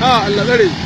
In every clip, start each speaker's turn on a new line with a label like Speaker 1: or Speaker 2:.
Speaker 1: ها اللبري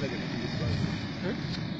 Speaker 1: だけでいいですか